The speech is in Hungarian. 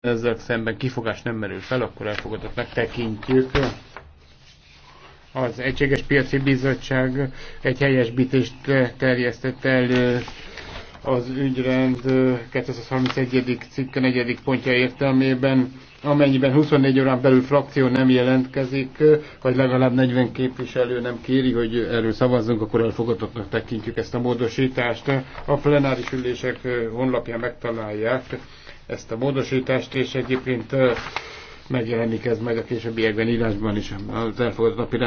ezzel szemben kifogás nem merül fel, akkor elfogadottnak tekintjük. Az Egységes Piaci Bizottság egy helyesbítést terjesztett elő az ügyrend 231. cikke 4. pontja értelmében, amennyiben 24 órán belül frakció nem jelentkezik, vagy legalább 40 képviselő nem kéri, hogy erről szavazzunk, akkor elfogadottnak tekintjük ezt a módosítást. A plenáris ülések honlapján megtalálják ezt a módosítást, és egyébként megjelenik ez majd a későbbiekben írásban is az elfogadott napi